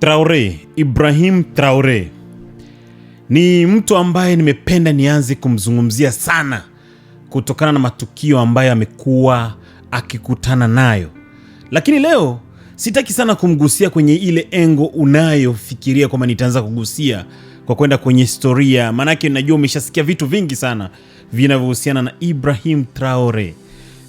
Traore, Ibrahim Traore ni mtu ambaye nimependa nianze kumzungumzia sana kutokana na matukio ambayo amekuwa akikutana nayo, lakini leo sitaki sana kumgusia kwenye ile engo unayofikiria kwamba nitaanza kugusia kwa kwenda kwenye historia, maanake najua umeshasikia vitu vingi sana vinavyohusiana na Ibrahim Traore.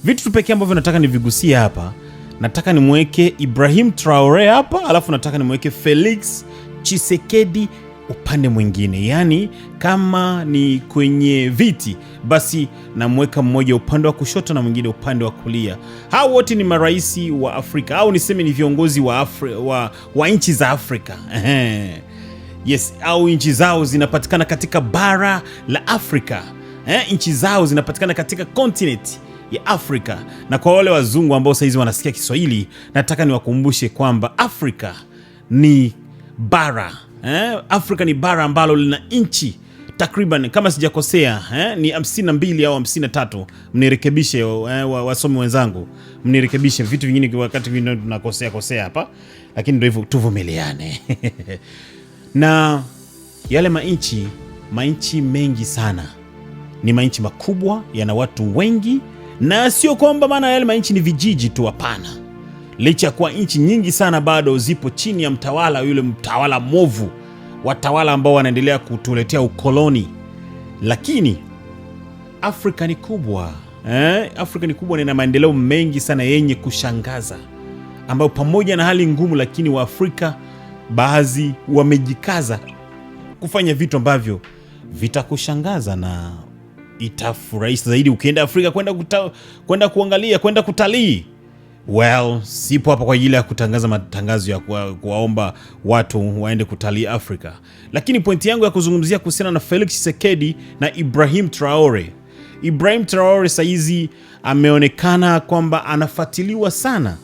Vitu tu pekee ambavyo nataka nivigusie hapa nataka nimweke Ibrahim Traore hapa, alafu nataka nimweke Felix Chisekedi upande mwingine. Yaani, kama ni kwenye viti, basi namweka mmoja upande wa kushoto na mwingine upande wa kulia. Hao wote ni marais wa Afrika au niseme ni viongozi wa, Afri, wa, wa nchi za Afrika yes, au nchi zao zinapatikana katika bara la Afrika eh, nchi zao zinapatikana katika kontinenti ya Afrika. Na kwa wale wazungu ambao hizi wanasikia Kiswahili, nataka niwakumbushe kwamba Afrika ni bara eh? Afrika ni bara ambalo lina nchi takriban kama sijakosea eh, ni 52 au 53. Mnirekebishe eh, wasomi wenzangu, mnirekebishe vitu vingine wakati vingine tunakosea kosea hapa, lakini ndio hivyo, tuvumiliane na yale manchi manchi mengi sana ni manchi makubwa, yana watu wengi na sio kwamba maana yale manchi ni vijiji tu, hapana. Licha ya kuwa nchi nyingi sana bado zipo chini ya mtawala yule mtawala mwovu, watawala ambao wanaendelea kutuletea ukoloni, lakini Afrika ni kubwa eh? Afrika ni kubwa na ina maendeleo mengi sana yenye kushangaza ambayo pamoja na hali ngumu, lakini Waafrika baadhi wamejikaza kufanya vitu ambavyo vitakushangaza na itafurahisha zaidi ukienda Afrika kwenda kuta, kwenda kuangalia kwenda kutalii. Well, sipo hapa kwa ajili ya kutangaza matangazo ya kuwaomba watu waende kutalii Afrika, lakini pointi yangu ya kuzungumzia kuhusiana na Felix Tshisekedi na Ibrahim Traore. Ibrahim Traore saizi ameonekana kwamba anafuatiliwa sana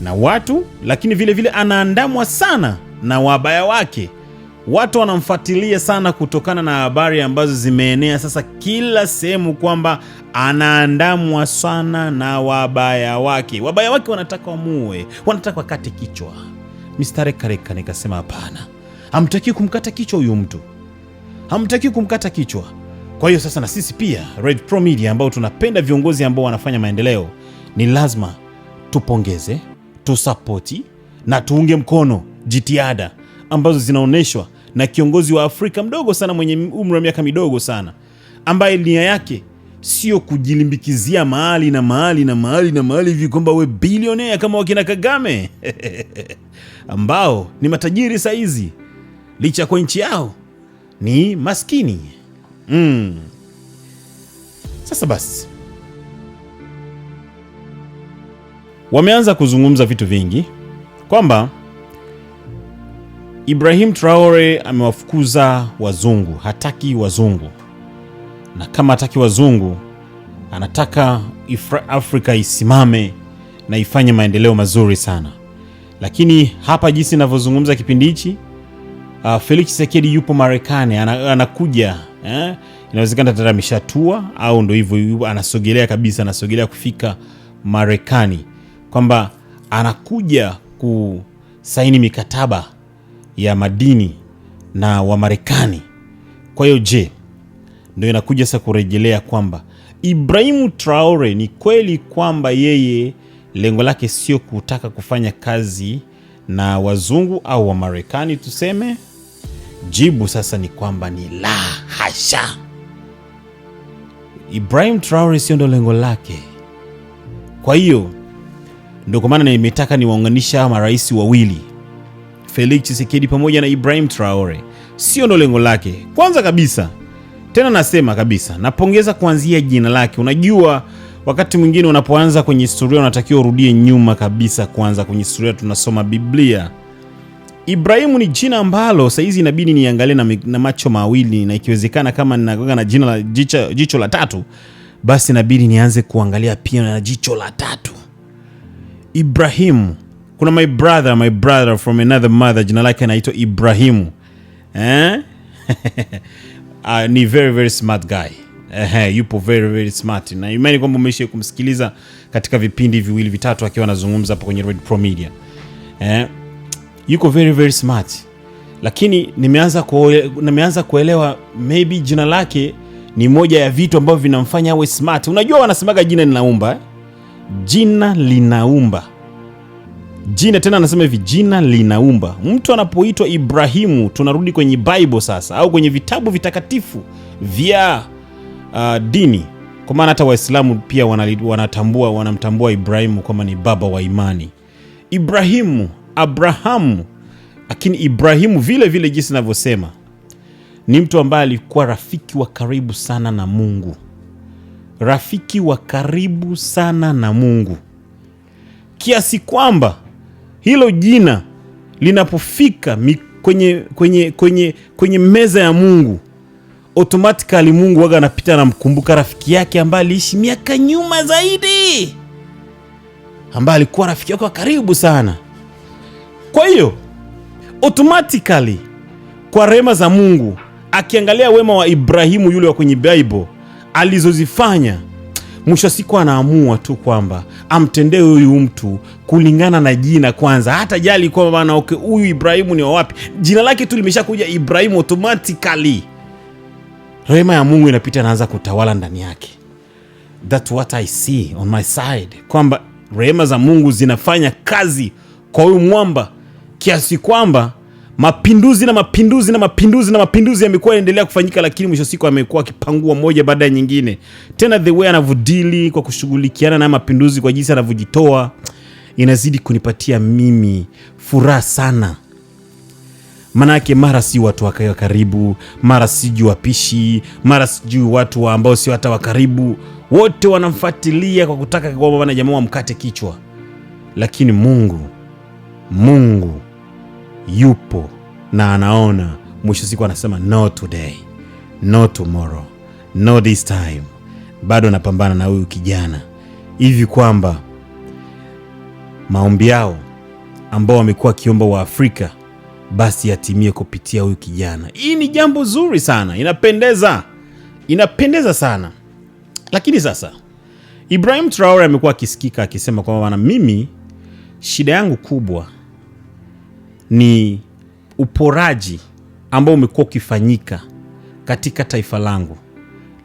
na watu, lakini vilevile vile anaandamwa sana na wabaya wake watu wanamfuatilia sana kutokana na habari ambazo zimeenea sasa kila sehemu kwamba anaandamwa sana na wabaya wake. Wabaya wake wanataka wamue, wanataka wakate kichwa. Kareka nikasema hapana, hamtakii kumkata kichwa huyu mtu, hamtakii kumkata kichwa. Kwa hiyo sasa na sisi pia Red Pro Media ambao tunapenda viongozi ambao wanafanya maendeleo, ni lazima tupongeze, tusapoti na tuunge mkono jitihada ambazo zinaonyeshwa na kiongozi wa Afrika mdogo sana mwenye umri wa miaka midogo sana ambaye nia yake sio kujilimbikizia mahali na mahali na mahali na mahali hivi kwamba we bilionea kama wakina Kagame ambao ni matajiri saizi licha kwa nchi yao ni maskini mm. Sasa basi wameanza kuzungumza vitu vingi kwamba Ibrahim Traore amewafukuza wazungu, hataki wazungu, na kama hataki wazungu anataka Afrika isimame na ifanye maendeleo mazuri sana. Lakini hapa jinsi ninavyozungumza kipindi hichi, uh, Felix Tshisekedi yupo Marekani, anakuja eh? Inawezekana tayari ameshatua au ndo hivyo anasogelea kabisa, anasogelea kufika Marekani, kwamba anakuja kusaini mikataba ya madini na Wamarekani. Kwa hiyo je, ndio inakuja sasa kurejelea kwamba Ibrahimu Traore ni kweli kwamba yeye lengo lake sio kutaka kufanya kazi na wazungu au Wamarekani tuseme? Jibu sasa ni kwamba ni la hasha. Ibrahim Traore sio ndo lengo lake. Kwa hiyo ndio kwa maana nimetaka niwaunganisha marais wawili Felix Tshisekedi pamoja na Ibrahim Traore, sio ndo lengo lake. Kwanza kabisa, tena nasema kabisa, napongeza kuanzia jina lake. Unajua, wakati mwingine unapoanza kwenye historia unatakiwa urudie nyuma kabisa, kwanza kwenye historia tunasoma Biblia. Ibrahimu ni jina ambalo saizi inabidi niangalie na, na macho mawili na ikiwezekana kama ninagoga na jina la jicho, jicho la tatu basi inabidi nianze kuangalia pia na jicho la tatu. Ibrahimu kuna my brother, my brother from another mother, jina lake anaitwa Ibrahimu eh? Uh, ni very very smart guy eh, yupo very very smart na imani kwamba umeishi kumsikiliza katika vipindi viwili vitatu akiwa anazungumza hapo kwenye Red Pro Media eh, yuko very very smart, lakini nimeanza kuole, nimeanza kuelewa maybe jina lake ni moja ya vitu ambavyo vinamfanya awe smart. Unajua wanasemaga jina linaumba eh? Jina linaumba Jina tena anasema hivi, jina linaumba. Mtu anapoitwa Ibrahimu, tunarudi kwenye Bible sasa, au kwenye vitabu vitakatifu vya uh, dini, kwa maana hata Waislamu pia wanatambua, wanamtambua Ibrahimu kwamba ni baba wa imani. Ibrahimu, Abrahamu, lakini Ibrahimu vile vile, jinsi inavyosema ni mtu ambaye alikuwa rafiki wa karibu sana na Mungu, rafiki wa karibu sana na Mungu kiasi kwamba hilo jina linapofika kwenye, kwenye, kwenye, kwenye meza ya Mungu automatically Mungu waga anapita anamkumbuka rafiki yake ambaye aliishi miaka nyuma zaidi, ambaye alikuwa rafiki yako wa karibu sana. Kwa hiyo automatically kwa rehema za Mungu, akiangalia wema wa Ibrahimu yule wa kwenye Bible alizozifanya mwisho wa siku anaamua tu kwamba amtendee huyu mtu kulingana na jina kwanza, hata jali kwamba maana okay, huyu Ibrahimu ni wawapi? Jina lake tu limeshakuja Ibrahimu, automatically rehema ya Mungu inapita, naanza kutawala ndani yake. That what I see on my side, kwamba rehema za Mungu zinafanya kazi kwa huyu mwamba kiasi kwamba Mapinduzi na mapinduzi na mapinduzi na mapinduzi yamekuwa yanaendelea kufanyika, lakini mwisho siku amekuwa akipangua moja baada ya nyingine. Tena the way anavyodili kwa kushughulikiana na mapinduzi, kwa jinsi anavyojitoa, inazidi kunipatia mimi furaha sana. Manake mara si watu wa karibu, mara sijui wapishi, mara sijui watu wa ambao sio hata wa karibu, wote wanamfuatilia kwa kutaka kwamba bwana jamaa wamkate kichwa, lakini Mungu Mungu yupo na anaona. Mwisho siku anasema no today, no tomorrow, no this time. Bado anapambana na huyu kijana hivi kwamba maombi yao ambao wamekuwa wakiomba wa Afrika basi yatimie kupitia huyu kijana. Hii ni jambo zuri sana, inapendeza, inapendeza sana. Lakini sasa Ibrahim Traore amekuwa akisikika akisema kwamba bana, mimi shida yangu kubwa ni uporaji ambao umekuwa ukifanyika katika taifa langu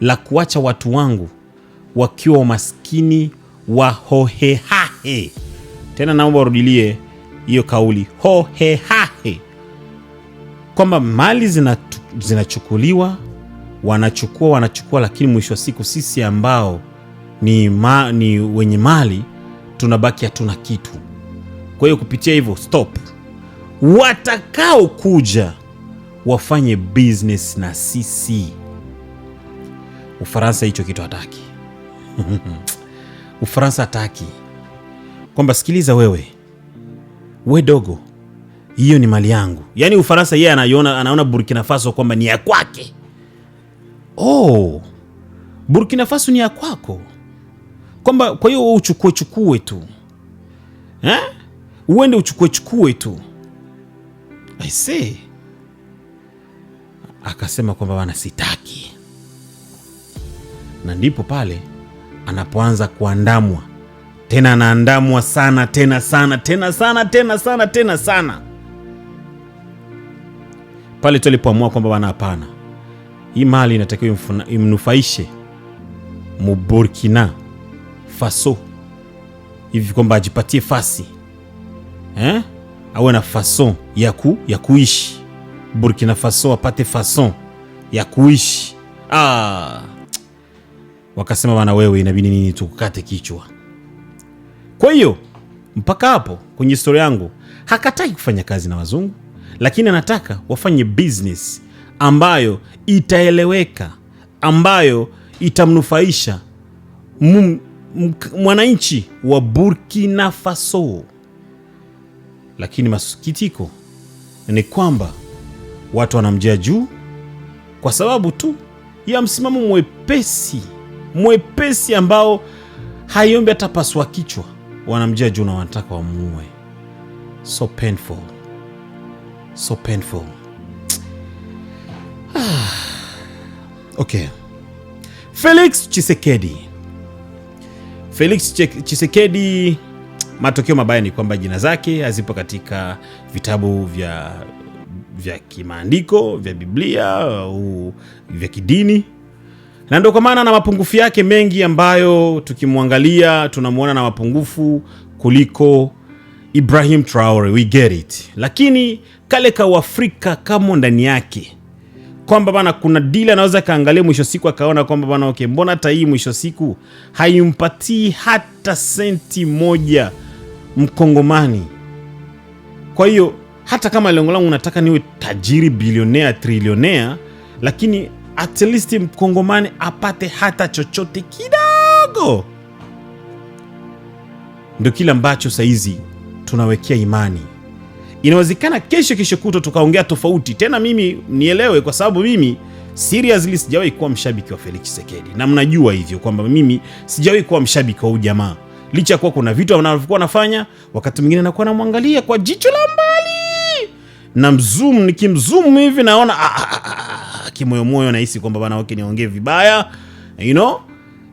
la kuacha watu wangu wakiwa wa hohehahe Tena naomba urudilie hiyo kauli hohehahe, kwamba mali zinachukuliwa, zinachukuliwa wanachukua wanachukua, lakini mwisho wa siku sisi ambao ni, ma, ni wenye mali tunabaki hatuna kitu. Kwa hiyo kupitia hivyo stop watakaokuja wafanye business na sisi. Ufaransa hicho kitu hataki. Ufaransa hataki kwamba, sikiliza wewe, we dogo, hiyo ni mali yangu. Yaani Ufaransa yeye anaona, anaona Burkina Faso kwamba ni ya kwake. Oh, Burkina Faso ni ya kwako, kwamba kwa hiyo uchukue chukue tu eh? Uende uchukue chukue tu I see. Akasema kwamba bana, sitaki, na ndipo pale anapoanza kuandamwa tena, anaandamwa sana tena sana tena sana tena sana tena sana, pale tu alipoamua kwamba bana, hapana, hii mali inatakiwa imnufaishe Muburkina Faso hivi kwamba ajipatie fasi eh? awe na fason ya, ku, ya kuishi Burkina Faso apate fason ya kuishi ah. Wakasema bana, wewe inabidi nini tukukate kichwa. Kwa hiyo mpaka hapo kwenye historia yangu hakataki kufanya kazi na wazungu, lakini anataka wafanye business ambayo itaeleweka, ambayo itamnufaisha mwananchi wa Burkina Faso. Lakini masikitiko ni kwamba watu wanamjia juu kwa sababu tu ya msimamo mwepesi mwepesi ambao haiombi hata paswa kichwa. Wanamjia juu na wanataka wamuue. So painful, so painful. Ah, okay. Felix Chisekedi Felix Chisekedi matokeo mabaya ni kwamba jina zake hazipo katika vitabu vya vya kimaandiko vya Biblia au vya kidini, na ndio kwa maana na mapungufu yake mengi ambayo tukimwangalia tunamwona na mapungufu kuliko Ibrahim Traore, we get it, lakini kale ka Uafrika kamo ndani yake kwamba bana kuna dili anaweza akaangalia mwisho siku akaona kwamba bana okay, mbona hata hii mwisho siku haimpatii hata senti moja Mkongomani. Kwa hiyo hata kama lengo langu nataka niwe tajiri, bilionea, trilionea, lakini at least mkongomani apate hata chochote kidogo. Ndio kile ambacho sahizi tunawekea imani. Inawezekana kesho kesho kuto tukaongea tofauti tena. Mimi nielewe, kwa sababu mimi seriously sijawahi kuwa mshabiki wa Felix sekedi na mnajua hivyo kwamba mimi sijawahi kuwa mshabiki wa ujamaa licha ya kuwa kuna vitu anavyokuwa anafanya, wakati mwingine nakuwa namwangalia kwa jicho la mbali na mzumu, nikimzumu hivi naona ah, ah, ah, kimoyomoyo, nahisi kwamba bana, wake niongee vibaya, you know,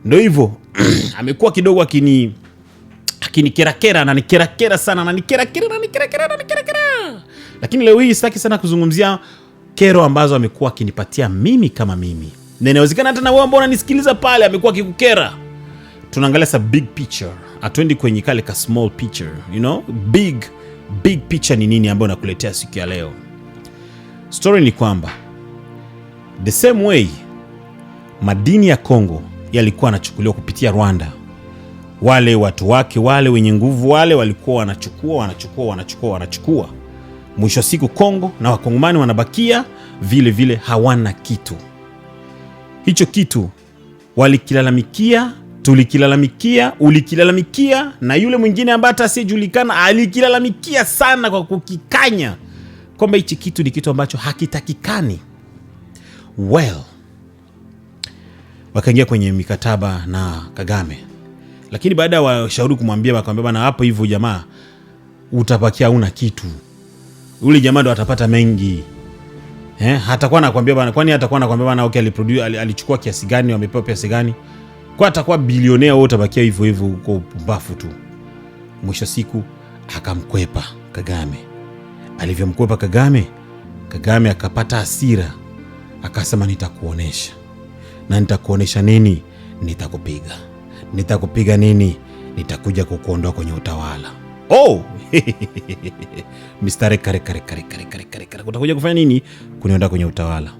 ndio hivyo amekuwa kidogo akini akinikerakera, ananikerakera sana, na na ananikerakera, ananikerakera, ananikerakera. Lakini leo hii sitaki sana kuzungumzia kero ambazo amekuwa akinipatia mimi kama mimi, na inawezekana hata na wewe ambao unanisikiliza pale amekuwa akikukera. Tunaangalia sa big picture hatuendi kwenye kale ka small picture, you know? Big, big picture ni nini ambayo nakuletea siku ya leo? Story ni kwamba the same way madini ya Kongo yalikuwa yanachukuliwa kupitia Rwanda, wale watu wake wale wenye nguvu wale walikuwa wanachukua wanachukua wanachukua wanachukua, mwisho wa siku Kongo na wakongomani wanabakia vile vile, hawana kitu. Hicho kitu walikilalamikia tulikilalamikia, ulikilalamikia na yule mwingine ambaye hata asiyejulikana alikilalamikia sana kwa kukikanya kwamba hichi kitu ni kitu ambacho hakitakikani. Well, wakaingia kwenye mikataba na Kagame, lakini baada ya washauri kumwambia, wakamwambia bana, hapo hivyo jamaa utapakia una kitu, yule jamaa ndo atapata mengi eh, hatakuwa nakwambia bana, kwani hatakuwa nakwambia bana, okay, aliproduce alichukua kiasi gani, wamepewa kiasi gani kwa atakuwa bilionea, wewe utabakia hivyo hivyo huko pumbafu tu. Mwisho siku akamkwepa Kagame. Alivyomkwepa Kagame, Kagame akapata asira akasema nitakuonesha. Na nitakuonesha nini? Nitakupiga. Nitakupiga nini? Nitakuja kukuondoa kwenye utawala. Oh! mistare kare kare kare kare kare kare kare, utakuja kufanya nini? Kuniondoa kwenye utawala.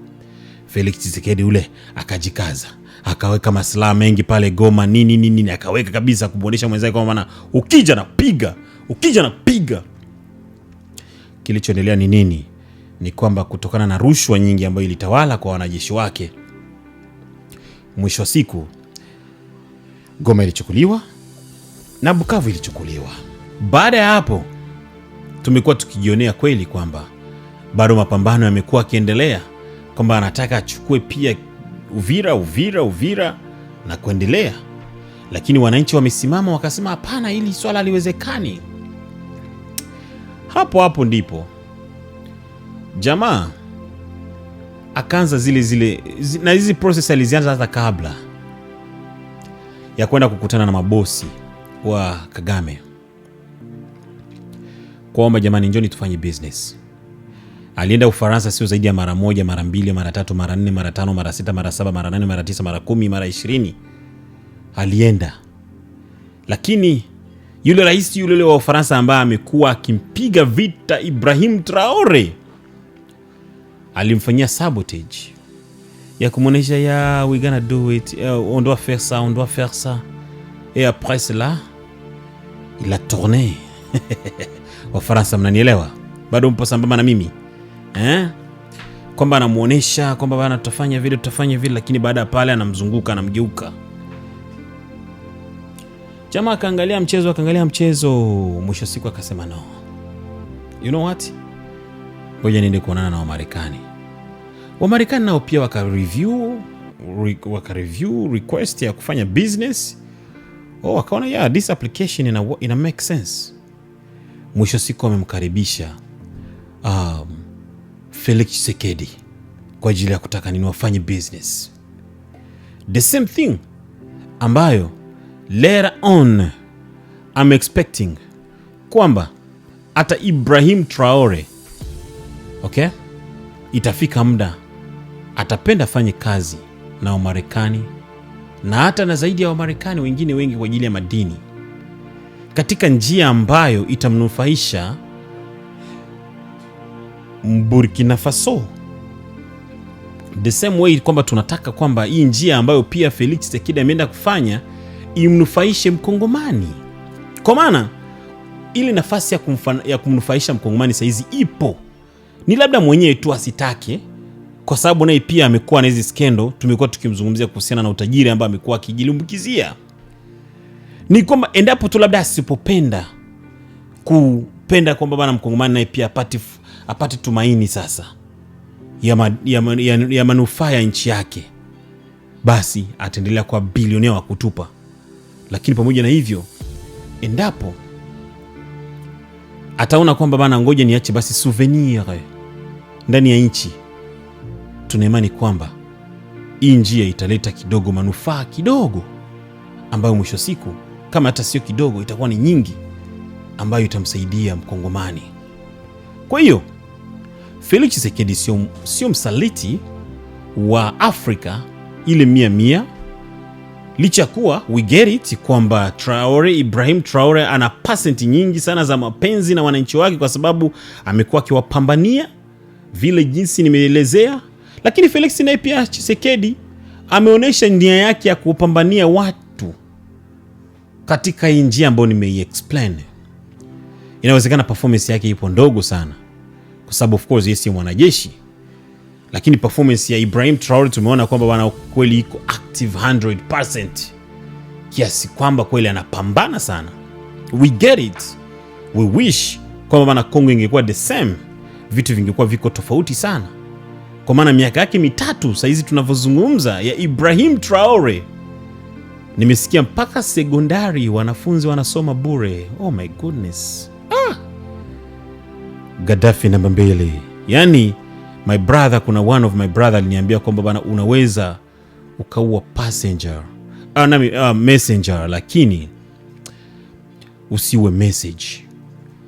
Felix Tshisekedi ule akajikaza akaweka masilaha mengi pale Goma nini nini nini, akaweka kabisa kumwonyesha mwenzake kwamba maana, ukija piga, ukija piga. Kilichoendelea ni nini? Ni kwamba kutokana na rushwa nyingi ambayo ilitawala kwa wanajeshi wake, mwisho wa siku Goma ilichukuliwa na Bukavu ilichukuliwa. Baada ya hapo, tumekuwa tukijionea kweli kwamba bado mapambano yamekuwa akiendelea, kwamba anataka achukue pia Uvira, Uvira, Uvira na kuendelea, lakini wananchi wamesimama wakasema, hapana, hili swala haliwezekani. Hapo hapo ndipo jamaa akaanza zile zile na hizi process alizianza hata kabla ya kwenda kukutana na mabosi wa Kagame, kwamba jamani, njoni tufanye business alienda Ufaransa sio zaidi ya mara moja, mara mbili, mara tatu, mara nne, mara tano, mara sita, mara saba, mara nane, mara tisa, mara kumi, mara ishirini alienda. Lakini yule rais yule wa Ufaransa ambaye amekuwa akimpiga vita Ibrahim Traore alimfanyia sabotage ya kumwonyesha ya we gonna do it on doit faire ça on doit faire ça et après cela il a tourné Wafaransa, mnanielewa? Bado mpo sambamba na mimi? eh? kwamba anamuonesha kwamba bana, tutafanya vile tutafanya vile, lakini baada ya pale anamzunguka anamgeuka. Jamaa akaangalia mchezo akaangalia mchezo, mwisho siku akasema no, you know what, ngoja niende kuonana na Wamarekani. Wamarekani nao pia wakareview re, wakareview request ya kufanya business oh, wakaona yeah, this application ina, ina make sense. Mwisho siku amemkaribisha um, Felix Tshisekedi kwa ajili ya kutaka nini wafanye business the same thing ambayo later on I'm expecting kwamba hata Ibrahim Traore okay, itafika muda atapenda afanye kazi na Wamarekani na hata na zaidi ya Wamarekani wengine wengi kwa ajili ya madini katika njia ambayo itamnufaisha Burkina Faso the same way, kwamba tunataka kwamba hii njia ambayo pia Felix Tshisekedi ameenda kufanya imnufaishe mkongomani, kwa maana ili nafasi ya, ya kumnufaisha mkongomani saizi ipo, ni labda mwenyewe tu asitake, kwa sababu naye pia amekuwa na hizi skendo tumekuwa tukimzungumzia kuhusiana na utajiri ambao amekuwa akijilimbukizia. Ni kwamba endapo tu labda asipopenda kupenda kwamba bana mkongomani naye pia apate apate tumaini sasa ya, ma, ya, ya, ya manufaa ya nchi yake, basi ataendelea kuwa bilionea wa kutupa. Lakini pamoja na hivyo, endapo ataona kwamba bana, ngoja niache basi souvenir ndani ya nchi, tunaimani kwamba hii njia italeta kidogo manufaa kidogo, ambayo mwisho siku kama hata sio kidogo, itakuwa ni nyingi ambayo itamsaidia Mkongomani. Kwa hiyo Felix chisekedi sio sio msaliti wa Afrika ile mia mia, licha kuwa we get it kwamba Traore Ibrahim Traore ana pasenti nyingi sana za mapenzi na wananchi wake, kwa sababu amekuwa akiwapambania vile jinsi nimeelezea, lakini Felix naye pia chisekedi ameonyesha nia yake ya kupambania watu katika hii njia ambayo nimeiexplain. Inawezekana performance yake ipo ndogo sana kwa sababu of course yeye si mwanajeshi, lakini performance ya Ibrahim Traore tumeona kwamba bwana kweli iko active 100% kiasi kwamba kweli anapambana sana. We get it, we wish kwamba bwana Kongo ingekuwa the same, vitu vingekuwa viko tofauti sana, kwa maana miaka yake mitatu sahizi tunavyozungumza ya Ibrahim Traore nimesikia mpaka sekondari wanafunzi wanasoma bure. Oh my goodness. Gaddafi namba mbili. Yani my brother, kuna one of my brother aliniambia kwamba bana, unaweza ukaua passenger ah, nami, ah, messenger lakini usiwe message.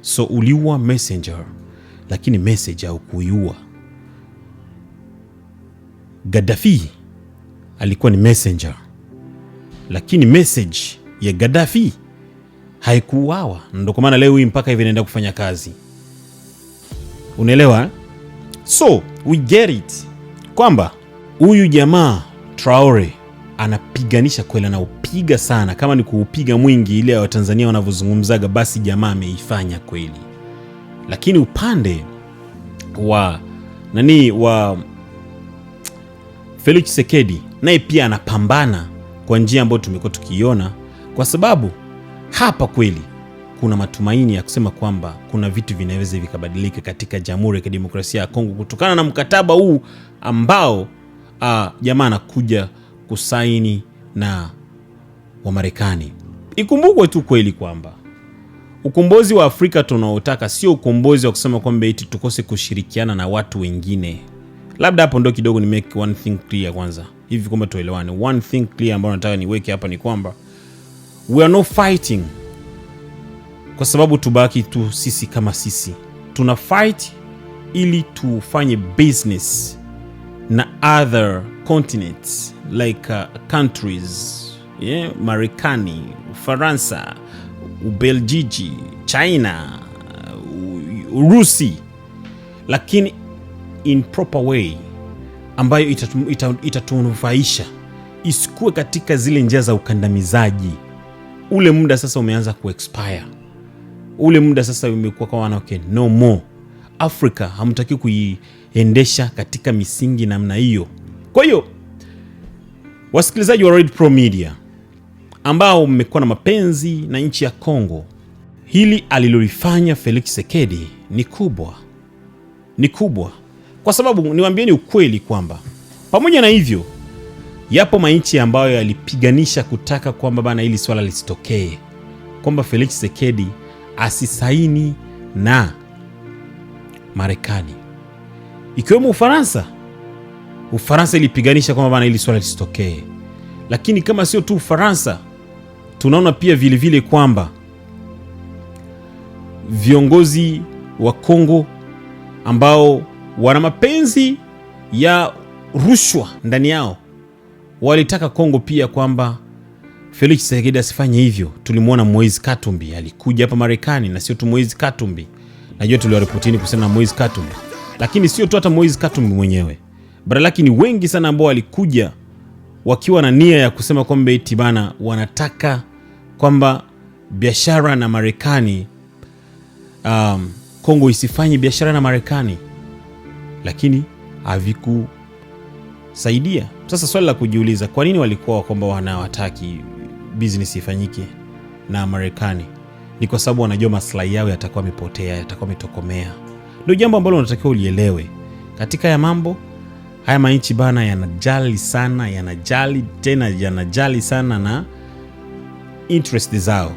So uliua messenger lakini message haukuiua. Gaddafi alikuwa ni messenger lakini message ya Gaddafi haikuuawa, ndio kwa maana leo hii mpaka hivi inaenda kufanya kazi. Unaelewa? Eh? So we get it kwamba huyu jamaa Traore anapiganisha kweli, anaupiga sana. Kama ni kuupiga mwingi ile ya Watanzania wanavyozungumzaga, basi jamaa ameifanya kweli. Lakini upande wa nani wa Felix chisekedi naye pia anapambana kwa njia ambayo tumekuwa tukiiona, kwa sababu hapa kweli kuna matumaini ya kusema kwamba kuna vitu vinaweza vikabadilika katika Jamhuri ya Kidemokrasia ya Kongo kutokana na mkataba huu ambao ah, jamaa anakuja kusaini na Wamarekani. Ikumbukwe tu kweli kwamba ukombozi wa Afrika tunaotaka sio ukombozi wa kusema kwamba eti tukose kushirikiana na watu wengine. Labda hapo ndo kidogo ni make one thing clear kwanza, hivi kwamba tuelewane. One thing clear ambayo nataka niweke hapa ni kwamba we are not fighting kwa sababu tubaki tu sisi kama sisi, tuna fight ili tufanye business na other continents like uh, countries yeah, Marekani, Ufaransa, Ubeljiji, China, uh, Urusi, lakini in proper way ambayo itatunufaisha ita, ita isikuwe katika zile njia za ukandamizaji. Ule muda sasa umeanza kuexpire ule muda sasa umekuwa kwa wanawake no more. Afrika hamtaki kuiendesha katika misingi namna hiyo. Kwa hiyo wasikilizaji wa Red Pro Media ambao mmekuwa na mapenzi na nchi ya Kongo, hili alilolifanya Felix Tshisekedi ni kubwa, ni kubwa kwa sababu niwaambieni ukweli kwamba pamoja na hivyo yapo manchi ambayo yalipiganisha kutaka kwamba bana hili swala lisitokee, kwamba Felix Tshisekedi asisaini na Marekani ikiwemo Ufaransa. Ufaransa ilipiganisha kwamba bana, ili swala lisitokee, lakini kama sio tu Ufaransa, tunaona pia vile vile kwamba viongozi wa Kongo ambao wana mapenzi ya rushwa ndani yao walitaka Kongo pia kwamba Felix Tshisekedi asifanye hivyo. Tulimwona Moise Katumbi alikuja hapa Marekani, na sio tu Moise Katumbi, najua tuliwaripotini kuhusiana na Moise Katumbi, lakini sio tu hata Moise Katumbi mwenyewe bara ni wengi sana ambao walikuja wakiwa na nia ya kusema kwamba eti bana wanataka kwamba biashara na Marekani, um, Kongo isifanye biashara na Marekani, lakini havikusaidia. Sasa swali la kujiuliza, kwa nini walikuwa kwamba wanawataki business ifanyike na Marekani ni kwa sababu wanajua maslahi yao yatakuwa yamepotea, yatakuwa yametokomea. Ndio jambo ambalo unatakiwa ulielewe katika ya mambo haya. Manchi bana yanajali sana, yanajali tena, yanajali sana na interest zao,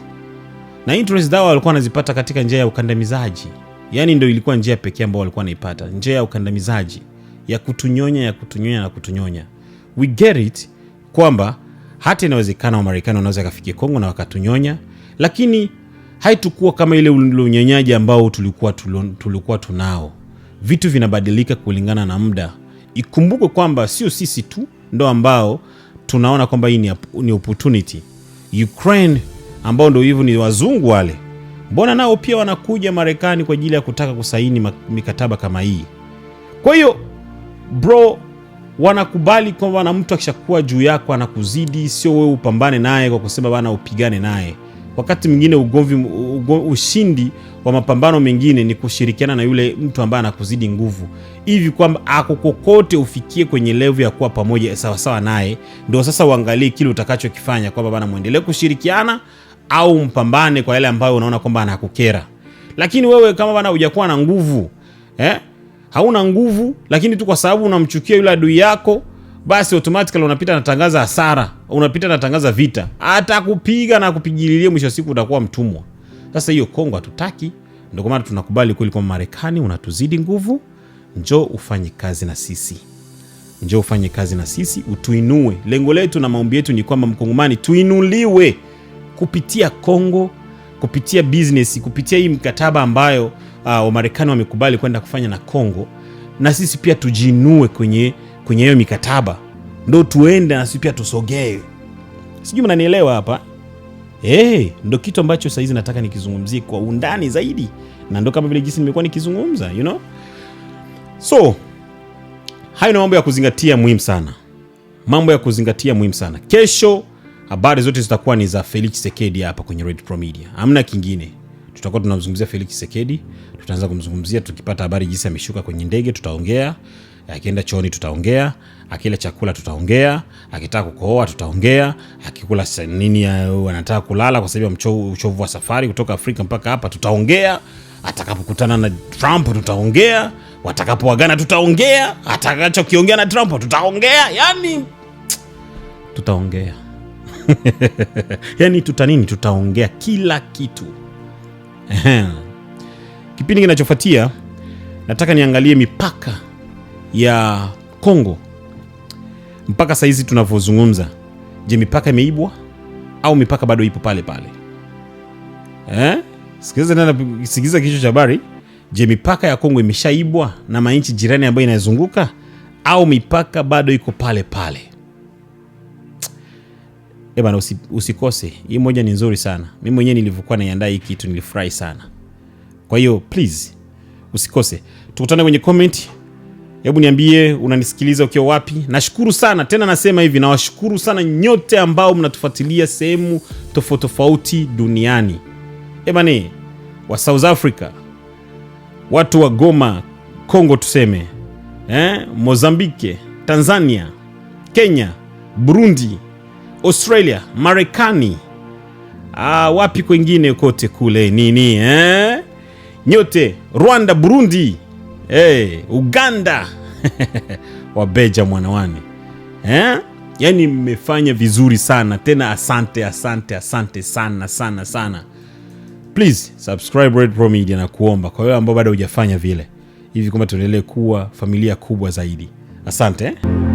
na interest zao walikuwa wanazipata katika njia ya ukandamizaji. Yani ndio ilikuwa njia pekee ambayo walikuwa wanaipata, njia ya ukandamizaji, ya kutunyonya, ya kutunyonya na kutunyonya. We get it kwamba hata inawezekana Wamarekani wanaweza kafikia Kongo na wakatunyonya, lakini haitukuwa kama ile unyonyaji ambao tulikuwa, tulikuwa tunao. Vitu vinabadilika kulingana na muda. Ikumbukwe kwamba sio sisi tu ndo ambao tunaona kwamba hii ni, ni opportunity. Ukraine ambao ndo hivyo ni wazungu wale, mbona nao pia wanakuja Marekani kwa ajili ya kutaka kusaini mikataba kama hii. Kwa hiyo bro wanakubali kwamba na mtu akishakuwa juu yako anakuzidi, sio wewe upambane naye kwa kusema bana upigane naye. Wakati mwingine ugomvi, ushindi wa mapambano mengine ni kushirikiana na yule mtu ambaye anakuzidi nguvu, hivi kwamba akokokote ufikie kwenye levu ya kuwa pamoja sawasawa naye, ndio sasa uangalie kile utakachokifanya, kwamba bana mwendelee kushirikiana au mpambane kwa yale ambayo unaona kwamba anakukera. Lakini wewe kama bana hujakuwa na nguvu eh? hauna nguvu, lakini tu kwa sababu unamchukia yule adui yako, basi automatically unapita na tangaza hasara, unapita na tangaza vita, atakupiga na kupigililia, mwisho wa siku utakuwa mtumwa. Sasa hiyo Kongo hatutaki, ndio kwa maana tunakubali kweli kwamba Marekani unatuzidi nguvu, njoo ufanye kazi na sisi njoo ufanye kazi na sisi utuinue. Lengo letu na maombi yetu ni kwamba mkongomani tuinuliwe kupitia Kongo, kupitia business, kupitia hii mkataba ambayo Ah, Wamarekani wamekubali kwenda kufanya na Kongo, na sisi pia tujiinue kwenye kwenye hiyo mikataba, ndo tuende na sisi pia tusogee. Sijui mnanielewa hapa eh? Ndo kitu ambacho saizi nataka nikizungumzie kwa undani zaidi, na ndo kama vile jinsi nimekuwa nikizungumza you know? So hayo ni mambo ya kuzingatia muhimu sana, mambo ya kuzingatia muhimu sana. Kesho habari zote zitakuwa ni za Felix Tshisekedi hapa kwenye Red Pro Media, hamna kingine tutakuwa tunamzungumzia Felix Sekedi, tutaanza kumzungumzia tukipata habari jinsi ameshuka kwenye ndege tutaongea, akienda chooni tutaongea, akila chakula tutaongea, akitaka kukohoa tutaongea, akikula nini anataka kulala kwa sababu ya uchovu wa safari kutoka Afrika mpaka hapa tutaongea, atakapokutana na Trump tutaongea, watakapoagana tutaongea, atakachokiongea na Trump tutaongea, yani tutaongea yani tuta nini, tutaongea kila kitu. Kipindi kinachofuatia nataka niangalie mipaka ya Kongo mpaka saizi tunavyozungumza. Je, mipaka imeibwa au mipaka bado ipo pale pale eh? Sikiliza tena, sikiliza kichwa cha habari. Je, mipaka ya Kongo imeshaibwa na manchi jirani ambayo inayozunguka au mipaka bado iko pale pale? eh bana, usi, usikose hii moja, ni nzuri sana. Mimi mwenyewe nilivyokuwa naiandaa hii kitu nilifurahi sana. Kwa hiyo please usikose, tukutane kwenye comment. Hebu niambie unanisikiliza ukiwa wapi. Nashukuru sana tena, nasema hivi, nawashukuru sana nyote ambao mnatufuatilia sehemu tofauti tofauti duniani. Eh bana, wa South Africa, watu wa Goma, Kongo tuseme eh, Mozambique, Tanzania, Kenya, Burundi Australia, Marekani, ah, wapi kwengine kote kule nini eh? Nyote Rwanda, Burundi, hey, eh, Uganda wabeja mwanawani eh? Yaani mmefanya vizuri sana tena, asante asante asante sana sana sana. Please subscribe Red Pro Media na kuomba kwa wewe ambao bado hujafanya vile, hivi kwamba tuendelee kuwa familia kubwa zaidi. Asante eh?